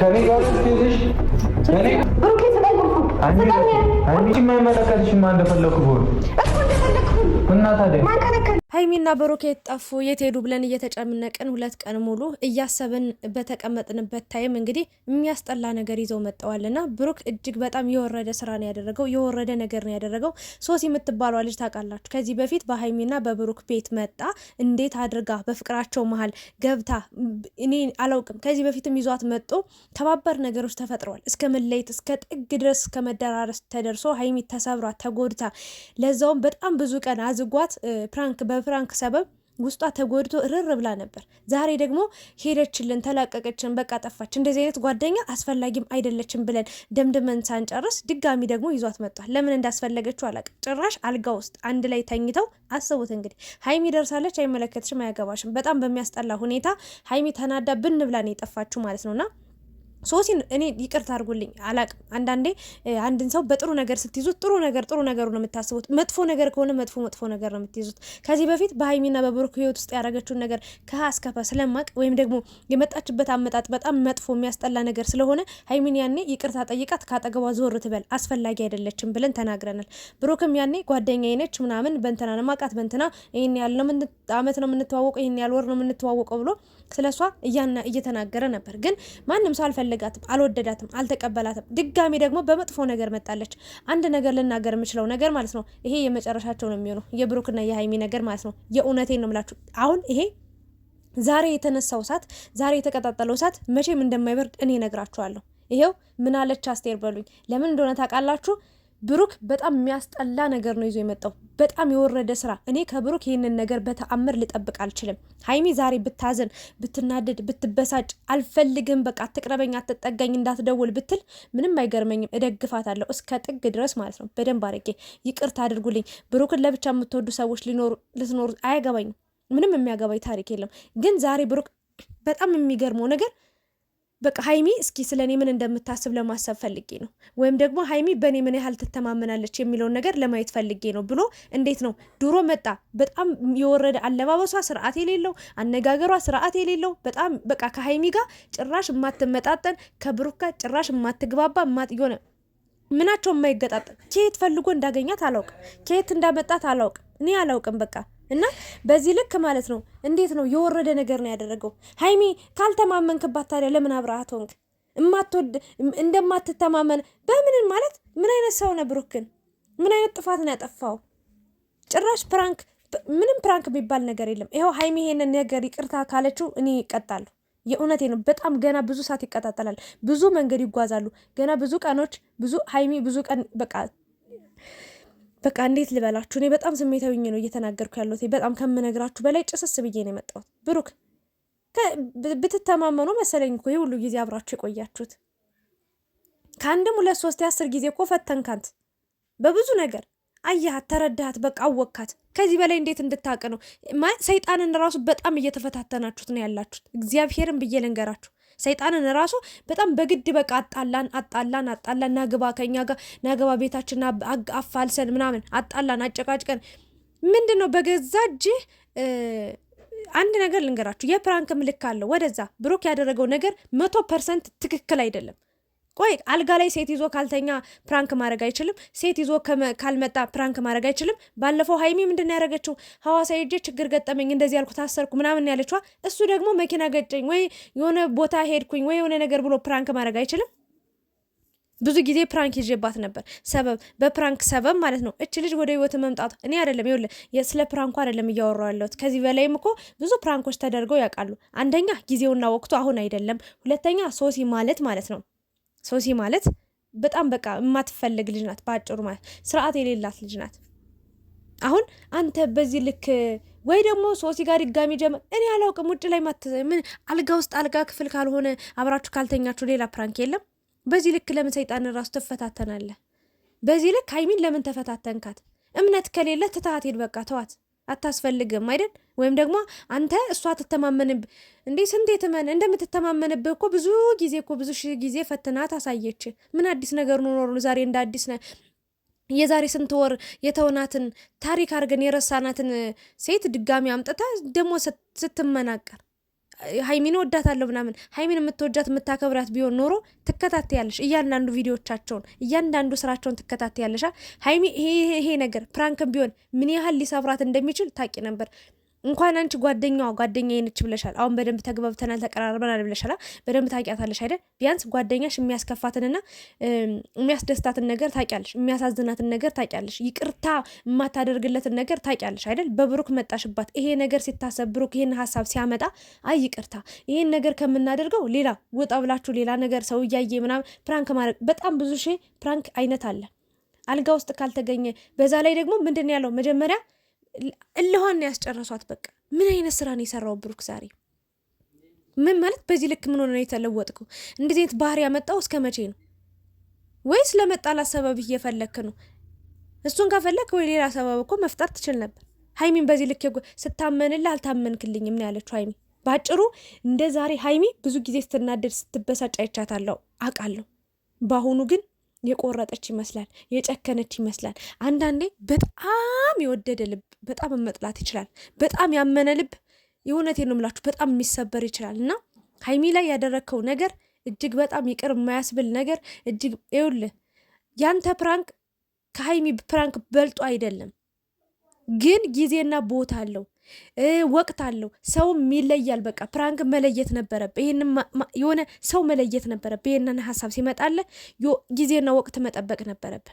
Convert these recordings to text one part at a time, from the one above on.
ከኔ ጋር ስትይዝሽ እኔ ብሩኬ ስጠኝ አንቺ የማይመለከትሽማ እንደፈለኩ ብሆን እና ታዲያ ማን ከለከለ? ሀይሚና ብሩክ የት ጠፉ የት ሄዱ ብለን እየተጨነቅን ሁለት ቀን ሙሉ እያሰብን በተቀመጥንበት ታይም እንግዲህ የሚያስጠላ ነገር ይዘው መጠዋልና ብሩክ እጅግ በጣም የወረደ ስራ ነው ያደረገው፣ የወረደ ነገር ነው ያደረገው። ሶሲ የምትባሏ ልጅ ታውቃላችሁ፣ ከዚህ በፊት በሀይሚና በብሩክ ቤት መጣ። እንዴት አድርጋ በፍቅራቸው መሀል ገብታ እኔ አላውቅም። ከዚህ በፊትም ይዟት መጦ ከባባድ ነገሮች ተፈጥረዋል። እስከ መለየት እስከ ጥግ ድረስ እስከ መደራረስ ተደርሶ ሀይሚ ተሰብሯ ተጎድታ፣ ለዛውም በጣም ብዙ ቀን አዝጓት ፕራንክ በፍራንክ ሰበብ ውስጧ ተጎድቶ እርር ብላ ነበር። ዛሬ ደግሞ ሄደችልን፣ ተላቀቀችን፣ በቃ ጠፋች። እንደዚህ አይነት ጓደኛ አስፈላጊም አይደለችም ብለን ደምድመን ሳንጨርስ ድጋሚ ደግሞ ይዟት መጥቷል። ለምን እንዳስፈለገችው አላቅ። ጭራሽ አልጋ ውስጥ አንድ ላይ ተኝተው አስቡት እንግዲህ። ሀይሚ ደርሳለች። አይመለከትሽም፣ አያገባሽም። በጣም በሚያስጠላ ሁኔታ ሀይሚ ተናዳ ብን ብላ የጠፋችሁ ማለት ነውና ሶሲን እኔ ይቅርታ አድርጉልኝ አላቅም። አንዳንዴ አንድን ሰው በጥሩ ነገር ስትይዙት ጥሩ ነገር ጥሩ ነገሩ ነው የምታስቡት። መጥፎ ነገር ከሆነ መጥፎ መጥፎ ነገር ነው የምትይዙት። ከዚህ በፊት በሀይሚና በብሩክ ህይወት ውስጥ ያደረገችውን ነገር ከሀ እስከ ስለማቅ ወይም ደግሞ የመጣችበት አመጣጥ በጣም መጥፎ የሚያስጠላ ነገር ስለሆነ ሀይሚን ያኔ ይቅርታ ጠይቃት ከአጠገቧ ዞር ትበል አስፈላጊ አይደለችም ብለን ተናግረናል። ብሩክም ያኔ ጓደኛዬ ነች ምናምን በንትና ነማቃት በንትና ይህን ያለ ነው አመት ነው የምንተዋወቀው ይህን ያህል ወር ነው የምንተዋወቀው ብሎ ስለሷ እያና እየተናገረ ነበር። ግን ማንም ሰው አልፈለጋትም፣ አልወደዳትም፣ አልተቀበላትም። ድጋሚ ደግሞ በመጥፎ ነገር መጣለች። አንድ ነገር ልናገር የምችለው ነገር ማለት ነው ይሄ የመጨረሻቸው ነው የሚሆነው የብሩክና የሀይሚ ነገር ማለት ነው። የእውነቴን ነው የምላችሁ አሁን ይሄ ዛሬ የተነሳው እሳት ዛሬ የተቀጣጠለው እሳት መቼም እንደማይበርድ እኔ ነግራችኋለሁ። ይሄው ምን አለች አስቴር በሉኝ። ለምን እንደሆነ ታውቃላችሁ ብሩክ በጣም የሚያስጠላ ነገር ነው ይዞ የመጣው። በጣም የወረደ ስራ። እኔ ከብሩክ ይህንን ነገር በተአምር ልጠብቅ አልችልም። ሀይሚ ዛሬ ብታዘን፣ ብትናደድ፣ ብትበሳጭ አልፈልግም፣ በቃ አትቅረበኝ፣ አትጠጋኝ፣ እንዳትደውል ብትል ምንም አይገርመኝም። እደግፋታለሁ እስከ ጥግ ድረስ ማለት ነው። በደንብ አድርጌ ይቅርታ አድርጉልኝ። ብሩክን ለብቻ የምትወዱ ሰዎች ልትኖሩ አያገባኝም። ምንም የሚያገባኝ ታሪክ የለም። ግን ዛሬ ብሩክ በጣም የሚገርመው ነገር በቃ ሀይሚ እስኪ ስለ እኔ ምን እንደምታስብ ለማሰብ ፈልጌ ነው፣ ወይም ደግሞ ሀይሚ በእኔ ምን ያህል ትተማመናለች የሚለውን ነገር ለማየት ፈልጌ ነው ብሎ እንዴት ነው ድሮ መጣ። በጣም የወረደ አለባበሷ፣ ስርዓት የሌለው አነጋገሯ፣ ስርዓት የሌለው በጣም በቃ ከሀይሚ ጋር ጭራሽ የማትመጣጠን ከብሩክ ጋር ጭራሽ የማትግባባ የሆነ ምናቸው የማይገጣጠም ከየት ፈልጎ እንዳገኛት አላውቅም፣ ከየት እንዳመጣት አላውቅም፣ እኔ አላውቅም በቃ እና በዚህ ልክ ማለት ነው እንዴት ነው የወረደ ነገር ነው ያደረገው። ሀይሚ ካልተማመንክባት ታዲያ ለምን አብረሃት ሆንክ? እማትወድ እንደማትተማመን በምንን ማለት ምን አይነት ሰው ነው ብሩክን? ምን አይነት ጥፋት ነው ያጠፋው? ጭራሽ ፕራንክ ምንም ፕራንክ የሚባል ነገር የለም። ይኸው ሀይሚ ይሄንን ነገር ይቅርታ ካለችው እኔ ይቀጣሉ። የእውነቴ ነው። በጣም ገና ብዙ ሰዓት ይቀጣጠላል። ብዙ መንገድ ይጓዛሉ። ገና ብዙ ቀኖች ብዙ ሀይሚ ብዙ ቀን በቃ በቃ እንዴት ልበላችሁ፣ እኔ በጣም ስሜታዊ ነው እየተናገርኩ ያለሁት። በጣም ከምነግራችሁ በላይ ጭስስ ብዬ ነው የመጣሁት። ብሩክ ብትተማመኑ መሰለኝ እኮ ሁሉ ጊዜ አብራችሁ የቆያችሁት። ከአንድም ሁለት ሶስት አስር ጊዜ እኮ ፈተንካንት በብዙ ነገር አያት ተረዳሃት፣ በቃ አወካት ከዚህ በላይ እንዴት እንድታቅ ነው? ሰይጣንን ራሱ በጣም እየተፈታተናችሁት ነው ያላችሁት። እግዚአብሔርን ብዬ ልንገራችሁ ሰይጣንን ራሱ በጣም በግድ በቃ አጣላን አጣላን አጣላን ናግባ ከኛ ጋር ናግባ ቤታችን አፋልሰን ምናምን አጣላን አጨቃጭቀን ምንድን ነው በገዛ እጅህ አንድ ነገር ልንገራችሁ፣ የፕራንክ ምልክ አለው። ወደዛ ብሩክ ያደረገው ነገር መቶ ፐርሰንት ትክክል አይደለም። ቆይ አልጋ ላይ ሴት ይዞ ካልተኛ ፕራንክ ማድረግ አይችልም። ሴት ይዞ ካልመጣ ፕራንክ ማድረግ አይችልም። ባለፈው ሀይሚ ምንድን ነው ያደረገችው? ሐዋሳ ሄጄ ችግር ገጠመኝ እንደዚህ ያልኩ ታሰርኩ ምናምን ያለችዋ፣ እሱ ደግሞ መኪና ገጨኝ ወይ የሆነ ቦታ ሄድኩኝ ወይ የሆነ ነገር ብሎ ፕራንክ ማድረግ አይችልም። ብዙ ጊዜ ፕራንክ ይዤባት ነበር። ሰበብ በፕራንክ ሰበብ ማለት ነው እች ልጅ ወደ ህይወት መምጣቷ። እኔ አይደለም ይኸውልህ፣ ስለ ፕራንኩ አይደለም እያወራሁ ያለሁት። ከዚህ በላይም እኮ ብዙ ፕራንኮች ተደርገው ያውቃሉ። አንደኛ ጊዜውና ወቅቱ አሁን አይደለም። ሁለተኛ ሶሲ ማለት ማለት ነው ሶሲ ማለት በጣም በቃ የማትፈለግ ልጅ ናት። በአጭሩ ማለት ስርዓት የሌላት ልጅ ናት። አሁን አንተ በዚህ ልክ ወይ ደግሞ ሶሲ ጋር ድጋሚ ጀመር እኔ አላውቅም። ውጭ ላይ ምን አልጋ ውስጥ አልጋ ክፍል ካልሆነ አብራችሁ ካልተኛችሁ ሌላ ፕራንክ የለም። በዚህ ልክ ለምን ሰይጣን ራሱ ትፈታተናለህ? በዚህ ልክ ሀይሚን ለምን ተፈታተንካት? እምነት ከሌለ ትታት ሄድ፣ በቃ ተዋት። አታስፈልግም አይደል? ወይም ደግሞ አንተ እሷ ትተማመንብ እንዴ? ስንቴ ትመን እንደምትተማመንብህ እኮ ብዙ ጊዜ እኮ ብዙ ሺህ ጊዜ ፈትና ታሳየች። ምን አዲስ ነገር ኖኖሩ ዛሬ እንደ አዲስ ነ የዛሬ ስንት ወር የተውናትን ታሪክ አድርገን የረሳናትን ሴት ድጋሚ አምጥታ ደግሞ ስትመናቀር ሀይሚን ወዳታለሁ ምናምን ሀይሚን የምትወጃት የምታከብራት ቢሆን ኖሮ ትከታተያለሽ፣ እያንዳንዱ ቪዲዮቻቸውን እያንዳንዱ ስራቸውን ትከታተያለሻ። ሀይሚ ይሄ ነገር ፕራንክም ቢሆን ምን ያህል ሊሰብራት እንደሚችል ታቂ ነበር። እንኳን አንቺ ጓደኛዋ ጓደኛ ነች ብለሻል። አሁን በደንብ ተግባብተናል ተቀራርበናል ብለሻል። በደንብ ታውቂያታለሽ አይደል? ቢያንስ ጓደኛሽ የሚያስከፋትንና የሚያስደስታትን ነገር ታውቂያለሽ፣ የሚያሳዝናትን ነገር ታውቂያለሽ፣ ይቅርታ የማታደርግለትን ነገር ታውቂያለሽ አይደል? በብሩክ መጣሽባት። ይሄ ነገር ሲታሰብ ብሩክ ይህን ሀሳብ ሲያመጣ አይ ይቅርታ ይህን ነገር ከምናደርገው ሌላ ወጣ ብላችሁ ሌላ ነገር ሰው እያየ ምናምን ፕራንክ ማድረግ በጣም ብዙ ሺህ ፕራንክ አይነት አለ አልጋ ውስጥ ካልተገኘ በዛ ላይ ደግሞ ምንድን ያለው መጀመሪያ እልኋን ያስጨረሷት። በቃ ምን አይነት ስራ ነው የሰራው ብሩክ ዛሬ? ምን ማለት በዚህ ልክ ምን ሆነ ነው የተለወጥከው? እንደዚህ አይነት ባህሪ ያመጣው እስከ መቼ ነው? ወይስ ለመጣላት ሰበብ እየፈለክ ነው? እሱን ከፈለክ ወይ ሌላ ሰበብ እኮ መፍጠር ትችል ነበር። ሀይሚን በዚህ ልክ ስታመንልህ አልታመንክልኝም ነው ያለችው ሀይሚ። በአጭሩ እንደ ዛሬ ሀይሚ ብዙ ጊዜ ስትናደድ ስትበሳጭ አይቻታለሁ፣ አውቃለሁ። በአሁኑ ግን የቆረጠች ይመስላል፣ የጨከነች ይመስላል። አንዳንዴ በጣም የወደደ ልብ በጣም መጥላት ይችላል። በጣም ያመነ ልብ የእውነቴን ነው የምላችሁ በጣም የሚሰበር ይችላል እና ሀይሚ ላይ ያደረግከው ነገር እጅግ በጣም ይቅር የማያስብል ነገር እጅግ ይኸውልህ፣ ያንተ ፕራንክ ከሀይሚ ፕራንክ በልጦ አይደለም፣ ግን ጊዜና ቦታ አለው። ወቅት አለው። ሰውም ይለያል። በቃ ፕራንክ መለየት ነበረብህ። ይህን የሆነ ሰው መለየት ነበረብህ። ይህንን ሀሳብ ሲመጣለ ጊዜና ወቅት መጠበቅ ነበረብህ።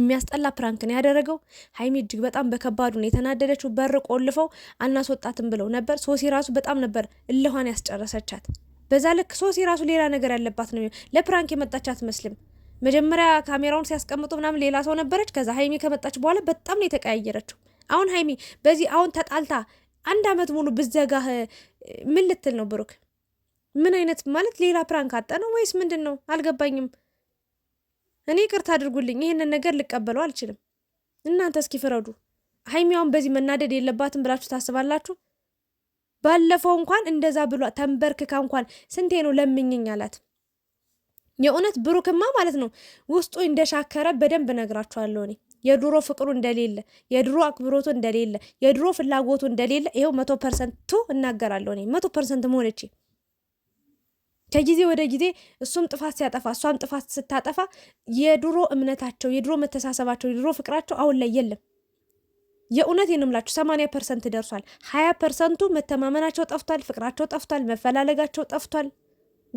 የሚያስጠላ ፕራንክ ነው ያደረገው። ሀይሚ እጅግ በጣም በከባዱ ነው የተናደደችው። በር ቆልፈው አናስወጣትም ብለው ነበር። ሶሲ ራሱ በጣም ነበር እልኋን ያስጨረሰቻት። በዛ ልክ ሶሲ ራሱ ሌላ ነገር ያለባት ነው። ለፕራንክ የመጣች አትመስልም። መጀመሪያ ካሜራውን ሲያስቀምጡ ምናምን ሌላ ሰው ነበረች። ከዛ ሀይሚ ከመጣች በኋላ በጣም ነው የተቀያየረችው። አሁን ሀይሚ በዚህ አሁን ተጣልታ አንድ አመት ሙሉ ብዘጋህ ምን ልትል ነው? ብሩክ ምን አይነት ማለት ሌላ ፕራንክ አጣ ነው ወይስ ምንድን ነው? አልገባኝም። እኔ ቅርት አድርጉልኝ፣ ይህንን ነገር ልቀበለው አልችልም። እናንተ እስኪ ፍረዱ። ሀይሚ አሁን በዚህ መናደድ የለባትም ብላችሁ ታስባላችሁ? ባለፈው እንኳን እንደዛ ብሏ ተንበርክካ እንኳን ስንቴ ነው ለምኝኝ አላት። የእውነት ብሩክማ ማለት ነው ውስጡ እንደሻከረ በደንብ ነግራችኋለሁ እኔ። የድሮ ፍቅሩ እንደሌለ፣ የድሮ አክብሮቱ እንደሌለ፣ የድሮ ፍላጎቱ እንደሌለ ይኸው መቶ ፐርሰንቱ እናገራለሁ። እኔ መቶ ፐርሰንት መሆነች ከጊዜ ወደ ጊዜ እሱም ጥፋት ሲያጠፋ እሷም ጥፋት ስታጠፋ የድሮ እምነታቸው፣ የድሮ መተሳሰባቸው፣ የድሮ ፍቅራቸው አሁን ላይ የለም። የእውነት የንምላችሁ ሰማንያ ፐርሰንት ደርሷል። ሀያ ፐርሰንቱ መተማመናቸው ጠፍቷል፣ ፍቅራቸው ጠፍቷል፣ መፈላለጋቸው ጠፍቷል።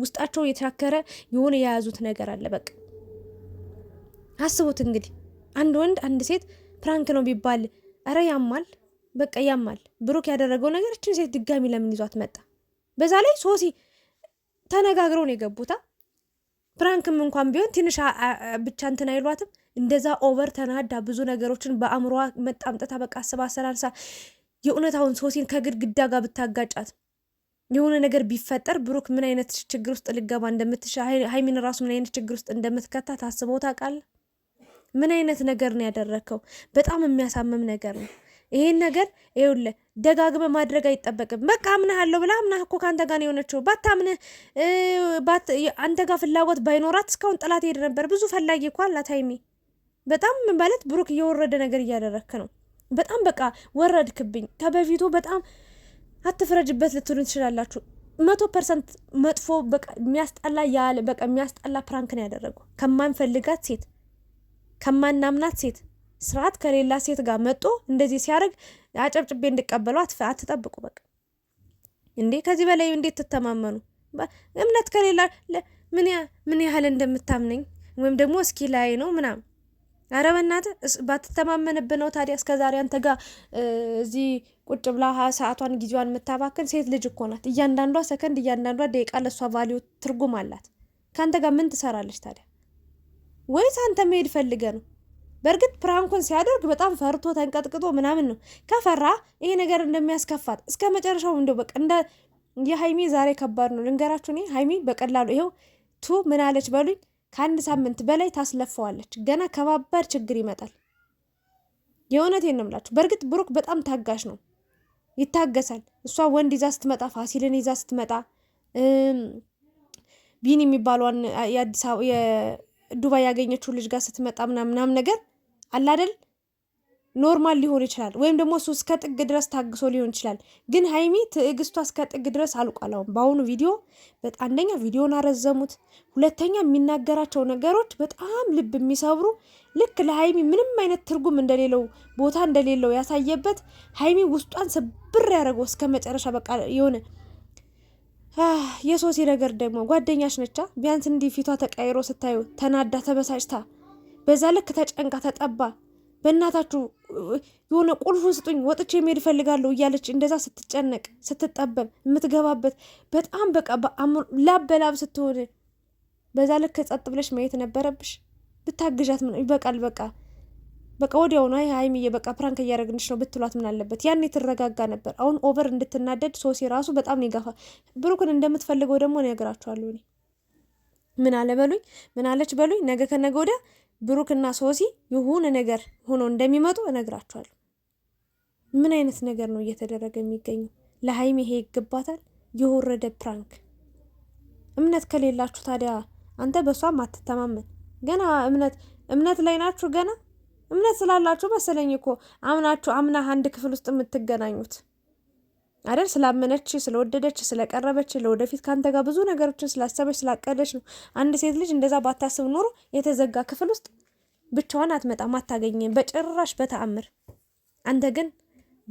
ውስጣቸው የተሻከረ የሆነ የያዙት ነገር አለ። በቃ አስቡት እንግዲህ አንድ ወንድ አንድ ሴት ፕራንክ ነው ቢባል እረ ያማል፣ በቃ ያማል። ብሩክ ያደረገው ነገር እችን ሴት ድጋሚ ለምን ይዟት መጣ? በዛ ላይ ሶሲ ተነጋግረው ነው የገቡታ። ፕራንክም እንኳን ቢሆን ትንሽ ብቻ እንትን አይሏትም። እንደዛ ኦቨር ተናዳ ብዙ ነገሮችን በአእምሯ መጣምጠታ በቃ አስባ አሰላልሳ የእውነታውን ሶሲን ከግድግዳ ጋር ብታጋጫት የሆነ ነገር ቢፈጠር ብሩክ ምን አይነት ችግር ውስጥ ልገባ እንደምትሻ ሀይሚን ራሱ ምን አይነት ችግር ውስጥ እንደምትከታ ታስበው ታውቃለህ? ምን አይነት ነገር ነው ያደረግከው? በጣም የሚያሳምም ነገር ነው። ይሄን ነገር ይውለ ደጋግመ ማድረግ አይጠበቅም። በቃ አምናሃለሁ ብላ አምናህ እኮ ከአንተ ጋር ነው የሆነችው። ባታምንህ አንተ ጋር ፍላጎት ባይኖራት እስካሁን ጥላት ሄደ ነበር። ብዙ ፈላጊ እኮ አላት ሀይሚ። በጣም ማለት ብሩክ እየወረደ ነገር እያደረግክ ነው። በጣም በቃ ወረድክብኝ። ከበፊቱ በጣም አትፍረጅበት ልትሉ ትችላላችሁ። መቶ ፐርሰንት መጥፎ በቃ የሚያስጠላ ያለ በቃ የሚያስጠላ ነው ያደረገው ከማንፈልጋት ሴት ከማናምናት ሴት ስርዓት ከሌላ ሴት ጋር መጦ እንደዚህ ሲያደርግ አጨብጭቤ እንድቀበለው አትጠብቁ። በቃ እንዴ ከዚህ በላይ እንዴት ትተማመኑ? እምነት ከሌላ ምን ያህል እንደምታምነኝ ወይም ደግሞ እስኪ ላይ ነው ምናምን አረ በእናትህ ባትተማመንብህ ነው ታዲያ እስከ ዛሬ አንተ ጋር እዚህ ቁጭ ብላ ሰዓቷን ጊዜዋን የምታባክን ሴት ልጅ እኮ ናት። እያንዳንዷ ሰከንድ፣ እያንዳንዷ ደቂቃ ለእሷ ቫሊዩ ትርጉም አላት። ከአንተ ጋር ምን ትሰራለች ታዲያ? ወይስ አንተ መሄድ ፈልገ ነው? በእርግጥ ፕራንኩን ሲያደርግ በጣም ፈርቶ ተንቀጥቅጦ ምናምን ነው። ከፈራ ይሄ ነገር እንደሚያስከፋት እስከ መጨረሻው እንደው በቃ እንደ የሀይሚ ዛሬ ከባድ ነው ልንገራችሁ። እኔ ሀይሚ በቀላሉ ይኸው ቱ ምን አለች በሉኝ፣ ከአንድ ሳምንት በላይ ታስለፈዋለች። ገና ከባባድ ችግር ይመጣል። የእውነቴን ነው የምላችሁ። በእርግጥ ብሩክ በጣም ታጋሽ ነው፣ ይታገሳል። እሷ ወንድ ይዛ ስትመጣ፣ ፋሲልን ይዛ ስትመጣ፣ ቢኒ የሚባለውን ዱባይ ያገኘችው ልጅ ጋር ስትመጣ ምናምናም ነገር አላደል ኖርማል ሊሆን ይችላል። ወይም ደግሞ እሱ እስከ ጥግ ድረስ ታግሶ ሊሆን ይችላል። ግን ሀይሚ ትዕግስቷ እስከ ጥግ ድረስ አልቋላውም። በአሁኑ ቪዲዮ አንደኛ ቪዲዮን አረዘሙት፣ ሁለተኛ የሚናገራቸው ነገሮች በጣም ልብ የሚሰብሩ ልክ ለሀይሚ ምንም አይነት ትርጉም እንደሌለው ቦታ እንደሌለው ያሳየበት ሀይሚ ውስጧን ስብር ያደረገው እስከ መጨረሻ በቃ የሆነ የሶሲ ነገር ደግሞ ጓደኛሽ ነቻ። ቢያንስ እንዲህ ፊቷ ተቀይሮ ስታዩ ተናዳ ተበሳጭታ በዛ ልክ ተጨንቃ ተጠባ በእናታችሁ የሆነ ቁልፉን ስጡኝ ወጥቼ መሄድ እፈልጋለሁ እያለች እንደዛ ስትጨነቅ ስትጠበብ የምትገባበት በጣም በቃ ላብ በላብ ስትሆን በዛ ልክ ጸጥ ብለሽ ማየት ነበረብሽ። ብታግዣት ምን ይበቃል በቃ በቃ ወዲያው ነው ሀይሚዬ፣ በቃ ፕራንክ እያደረግንሽ ነው ብትሏት ምን አለበት? ያኔ ትረጋጋ ነበር። አሁን ኦቨር እንድትናደድ ሶሲ ራሱ በጣም ነው ይጋፋ። ብሩክን እንደምትፈልገው ደግሞ እነግራችኋለሁ። እኔ ምን አለ በሉኝ፣ ምን አለች በሉኝ። ነገ ከነገ ወዲያ ብሩክና ሶሲ የሆነ ነገር ሆኖ እንደሚመጡ እነግራችኋለሁ። ምን አይነት ነገር ነው እየተደረገ የሚገኘው? ለሀይሚ ይሄ ይገባታል። የወረደ ፕራንክ። እምነት ከሌላችሁ ታዲያ አንተ በእሷም አትተማመን። ገና እምነት እምነት ላይ ናችሁ ገና እምነት ስላላችሁ መሰለኝ እኮ አምናችሁ አምናህ አንድ ክፍል ውስጥ የምትገናኙት አይደል? ስላመነች፣ ስለወደደች፣ ስለቀረበች፣ ለወደፊት ከአንተ ጋር ብዙ ነገሮችን ስላሰበች፣ ስላቀደች ነው። አንድ ሴት ልጅ እንደዛ ባታስብ ኖሮ የተዘጋ ክፍል ውስጥ ብቻዋን አትመጣም፣ አታገኝም በጭራሽ በተአምር። አንተ ግን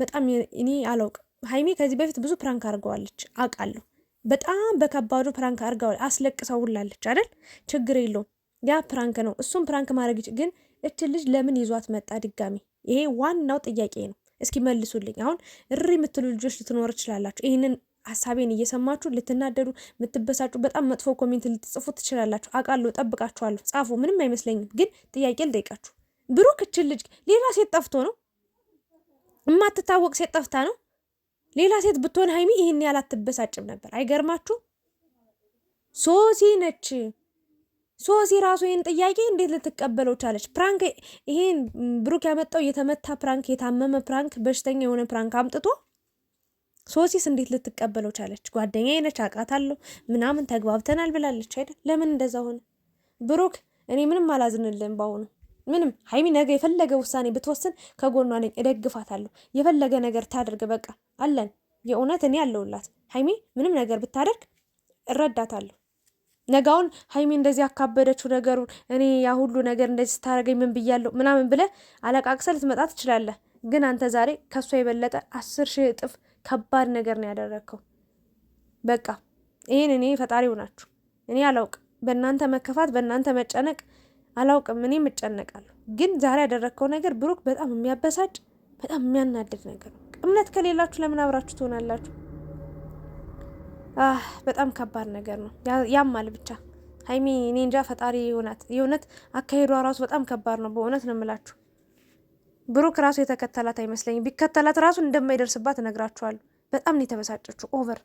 በጣም እኔ አላውቅ። ሀይሜ ከዚህ በፊት ብዙ ፕራንክ አድርገዋለች አውቃለሁ። በጣም በከባዱ ፕራንክ አድርገዋል። አስለቅሰውላለች አይደል? ችግር የለውም ያ ፕራንክ ነው። እሱም ፕራንክ ማድረግ ግን እች ልጅ ለምን ይዟት መጣ ድጋሚ? ይሄ ዋናው ጥያቄ ነው። እስኪ መልሱልኝ። አሁን እሪ የምትሉ ልጆች ልትኖር ትችላላችሁ። ይህንን ሀሳቤን እየሰማችሁ ልትናደዱ፣ የምትበሳጩ፣ በጣም መጥፎ ኮሜንት ልትጽፉ ትችላላችሁ። አውቃለሁ፣ ጠብቃችኋለሁ። ጻፉ፣ ምንም አይመስለኝም። ግን ጥያቄ ልጠይቃችሁ። ብሩክ እችን ልጅ ሌላ ሴት ጠፍቶ ነው የማትታወቅ ሴት ጠፍታ ነው። ሌላ ሴት ብትሆን ሀይሚ ይህን ያህል አትበሳጭም ነበር። አይገርማችሁ? ሶሲ ነች። ሶሲ ራሱ ይህን ጥያቄ እንዴት ልትቀበለው ቻለች? ፕራንክ ይሄን ብሩክ ያመጣው የተመታ ፕራንክ፣ የታመመ ፕራንክ፣ በሽተኛ የሆነ ፕራንክ አምጥቶ ሶሲስ እንዴት ልትቀበለው ቻለች? ጓደኛዬ ነች አውቃታለሁ፣ ምናምን ተግባብተናል ብላለች አይደል? ለምን እንደዛ ሆነ? ብሩክ እኔ ምንም አላዝንልን በአሁኑ ምንም። ሀይሚ ነገ የፈለገ ውሳኔ ብትወስን ከጎኗ ነኝ፣ እደግፋታለሁ። የፈለገ ነገር ታደርግ፣ በቃ አለን። የእውነት እኔ ያለውላት ሀይሚ ምንም ነገር ብታደርግ እረዳታለሁ። ነጋውን ሀይሚ እንደዚህ አካበደችው ነገሩን እኔ ያ ሁሉ ነገር እንደዚህ ስታደርገኝ ምን ብያለሁ ምናምን ብለ አለቃቅሰ ልትመጣ ትችላለህ። ግን አንተ ዛሬ ከእሷ የበለጠ አስር ሺህ እጥፍ ከባድ ነገር ነው ያደረግከው። በቃ ይህን እኔ ፈጣሪው ናችሁ። እኔ አላውቅም፣ በእናንተ መከፋት፣ በእናንተ መጨነቅ አላውቅም። እኔም እጨነቃለሁ። ግን ዛሬ ያደረግከው ነገር ብሩክ፣ በጣም የሚያበሳጭ በጣም የሚያናድድ ነገር ነው። እምነት ከሌላችሁ ለምን አብራችሁ ትሆናላችሁ? በጣም ከባድ ነገር ነው። ያማል ብቻ ሀይሚ እኔ እንጃ ፈጣሪ ይሆናት። የእውነት አካሄዷ ራሱ በጣም ከባድ ነው። በእውነት ነው የምላችሁ። ብሩክ ራሱ የተከተላት አይመስለኝም። ቢከተላት ራሱ እንደማይደርስባት እነግራችኋለሁ። በጣም ነው የተበሳጨችው። ኦቨር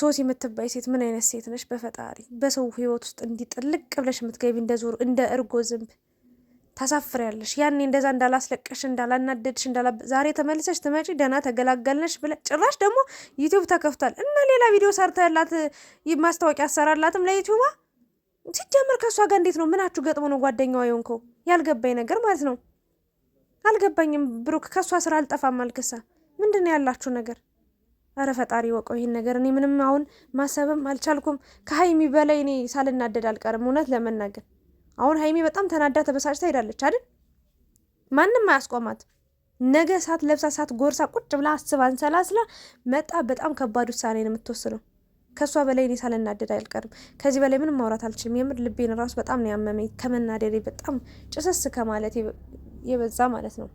ሶስ የምትባይ ሴት ምን አይነት ሴት ነች? በፈጣሪ በሰው ህይወት ውስጥ እንዲጥልቅ ብለሽ የምትገቢ እንደ እንደ እርጎ ዝንብ ታሳፍሪያለሽ። ያኔ እንደዛ እንዳላስለቀሽ፣ እንዳላናደድሽ፣ እንዳላ ዛሬ ተመልሰሽ ትመጪ ደህና ተገላገልነሽ ብለ ጭራሽ ደግሞ ዩቲዩብ ተከፍቷል እና ሌላ ቪዲዮ ሰርተ ያላት ማስታወቂያ አሰራላትም ለዩቲዩባ ሲጀምር ከእሷ ጋር እንዴት ነው ምናችሁ ገጥሞ ነው ጓደኛዋ የሆንከው? ያልገባኝ ነገር ማለት ነው አልገባኝም። ብሩክ ከእሷ ስራ አልጠፋም አልክሳ ምንድን ነው ያላችሁ ነገር? አረ ፈጣሪ ወቀው ይህን ነገር። እኔ ምንም አሁን ማሰብም አልቻልኩም። ከሀይሚ በላይ እኔ ሳልናደድ አልቀርም እውነት ለመናገር አሁን ሀይሚ በጣም ተናዳ ተበሳጭታ ሄዳለች አይደል? ማንም አያስቆማት። ነገ ሳት ለብሳ ሳት ጎርሳ ቁጭ ብላ አስባ አንሰላስላ መጣ። በጣም ከባድ ውሳኔ ነው የምትወስነው። ከእሷ በላይ እኔ ሳልናደድ አልቀርም። ከዚህ በላይ ምንም ማውራት አልችልም። የምር ልቤን ራሱ በጣም ነው ያመመኝ ከመናደዴ በጣም ጭስስ ከማለት የበዛ ማለት ነው።